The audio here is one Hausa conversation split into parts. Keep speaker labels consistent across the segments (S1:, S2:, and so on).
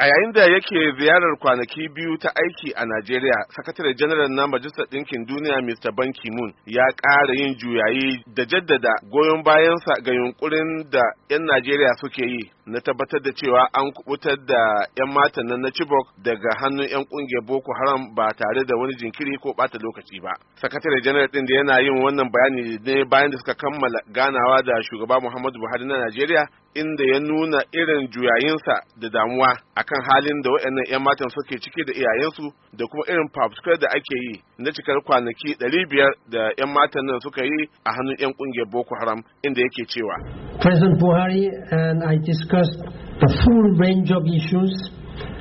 S1: A yayin da yake ziyarar kwanaki biyu ta aiki a Najeriya, Sakatare Janaral na Majalisar Ɗinkin Duniya Mr. Ban ya ƙara yin juyayi da jaddada goyon bayansa ga yunkurin da 'yan Najeriya suke yi na tabbatar da cewa an kubutar da 'yan matan nan na Chibok daga hannun 'yan ƙungiyar Boko Haram ba tare da wani jinkiri ko bata lokaci ba. Sakatare Janaral ɗin da yana yin wannan bayani ne bayan da suka kammala ganawa da shugaba Muhammadu Buhari na Najeriya inda ya nuna irin juyayinsa da damuwa akan halin da waɗannan 'yan matan suke ciki da iyayensu da kuma irin fafutukar da ake yi na cikar kwanaki 500 da 'yan matan nan suka yi a hannun 'yan ƙungiyar Boko Haram inda yake cewa.
S2: President Buhari and I discussed the full range of issues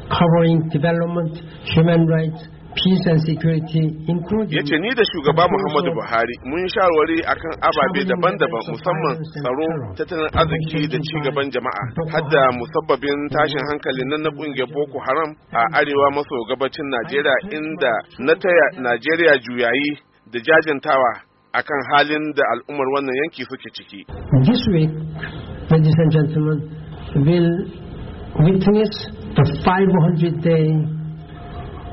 S2: covering development, human rights, ya
S1: yace ni da shugaba muhammadu buhari mun sharwari akan ababe daban-daban musamman tsaro tattalin arziki da ci gaban jama'a hadda musabbabin tashin hankali nan na kungiyar boko haram a arewa maso gabacin najeriya inda na taya najeriya juyayi da jajantawa akan halin da al'ummar wannan yanki suke ciki
S2: this week ladies and gentlemen will witness the 500 day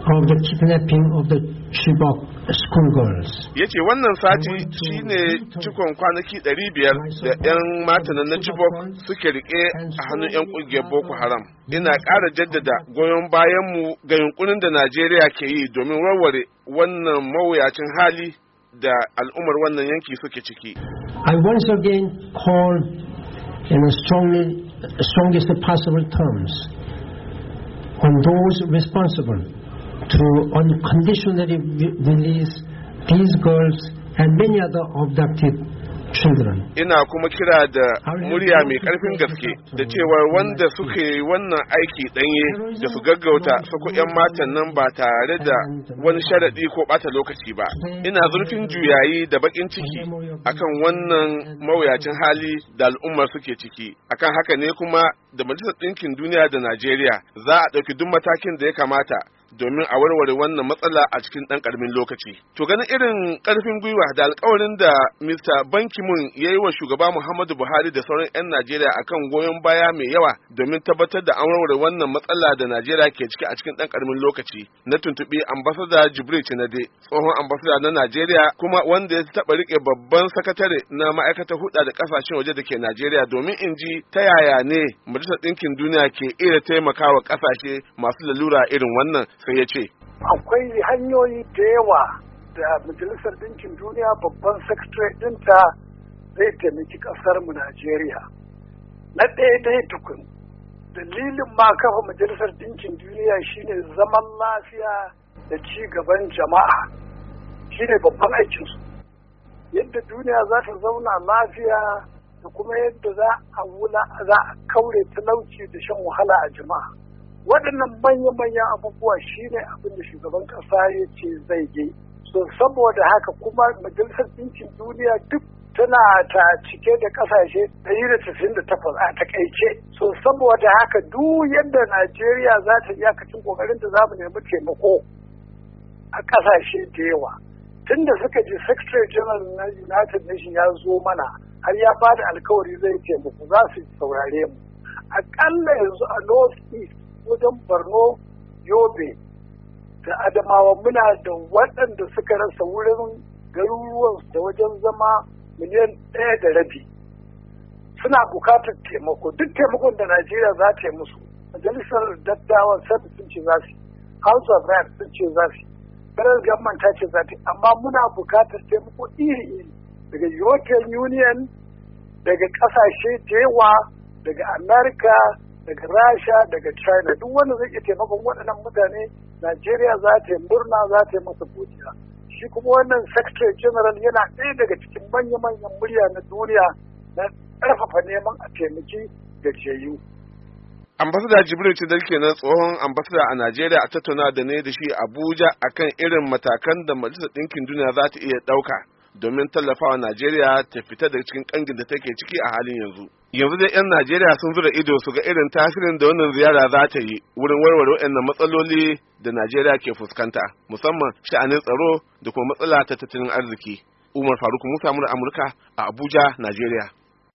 S2: of the kidnapping of the Chibok schoolgirls.
S1: Ya ce wannan sati shi ne cikon kwanaki 500 da 'yan matanan na Chibok suke rike a hannun 'yan ƙungiyar Boko Haram. Ina ƙara jaddada goyon bayanmu ga yunkurin da Najeriya ke yi domin warware wannan mawuyacin hali da al'ummar wannan yanki suke ciki.
S2: I once again call in the strongest possible terms on those responsible to unconditionally release these girls and many other abducted children.
S1: Ina kuma kira da murya mai karfin gaske da cewa wanda suka wannan aiki ɗanye da su gaggauta sako 'yan matan nan ba tare da wani sharaɗi ko ɓata lokaci ba. Ina zurfin juyayi da baƙin ciki akan wannan mawuyacin hali da al'ummar suke ciki. Akan haka ne kuma da Majalisar Ɗinkin Duniya da Najeriya za a ɗauki duk matakin da ya kamata domin a warware wannan matsala a cikin ɗan ƙaramin lokaci. To ganin irin ƙarfin gwiwa da alƙawarin da Mr. Ban ki ya yi wa shugaba Muhammadu Buhari da sauran 'yan Najeriya a kan goyon baya mai yawa domin tabbatar da an warware wannan matsala da Najeriya ke ciki a cikin ɗan ƙaramin lokaci. Na tuntuɓi ambasada Jibril Cinade, tsohon ambasada na Najeriya kuma wanda ya taɓa riƙe babban sakatare na ma'aikatar hulɗa da ƙasashen waje da ke Najeriya domin in ji ta yaya ne Majalisar Ɗinkin Duniya ke iya taimakawa ƙasashe masu lalura irin wannan sai ya ce
S3: akwai hanyoyi da yawa da majalisar ɗinkin duniya babban sakatare ɗinta zai taimaki ƙasar mu najeriya na ɗaya ɗaya tukun dalilin ma kafa majalisar ɗinkin duniya shine zaman lafiya da ci gaban jama'a shine babban aikinsu yadda duniya za ta zauna lafiya da kuma yadda za a wula za a kaure talauci da shan wahala a jama'a waɗannan manya-manyan abubuwa shine abin da shugaban ƙasa ya ce zai yi so saboda haka kuma majalisar ɗinkin duniya duk tana ta cike da ƙasashe da da takwas a takaice so saboda haka duk yadda najeriya za ta iyakacin ƙoƙarin da za mu nemi taimako a ƙasashe da yawa tun da suka ji secretary general na united Nation ya zo mana har ya bada alkawari zai taimako za su saurare mu aƙalla yanzu a north east wajen borno yobe da adamawa muna da waɗanda suka rasa wurin garuruwan da wajen zama miliyan ɗaya da rabi suna bukatar taimako duk taimakon da najeriya za ta yi musu majalisar Daddawa sabi sun ce za su house of rights sun ce za su federal government ta ce za ta amma muna bukatar taimako iri iri daga european union daga kasashe da yawa daga america daga rasha daga china duk wanda zai iya taimakon waɗannan mutane najeriya za ta yi murna za ta yi masa godiya shi kuma wannan secretary general yana ɗaya daga cikin manya-manyan murya na duniya na ƙarfafa neman a taimaki da gajiyayyu
S1: ambasada jibril cidar na tsohon ambasada a najeriya a tattauna da ne da shi abuja akan irin matakan da majalisar ɗinkin duniya za ta iya ɗauka domin tallafawa Najeriya ta fita daga cikin kangin da take ciki a halin yanzu. Yanzu dai 'yan Najeriya sun zura ido su ga irin tasirin da wannan ziyara za ta yi wurin warware waɗannan matsaloli da Najeriya ke fuskanta, musamman sha'anin tsaro da kuma matsala ta tattalin arziki. Umar Faruk Musa Amurka a Abuja, Najeriya.